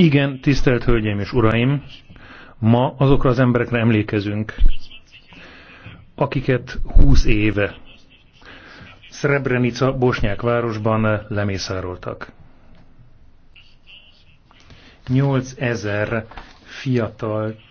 Igen, tisztelt Hölgyeim és Uraim, ma azokra az emberekre emlékezünk, akiket 20 éve Srebrenica bosnyák városban lemészároltak. 8000 fiatal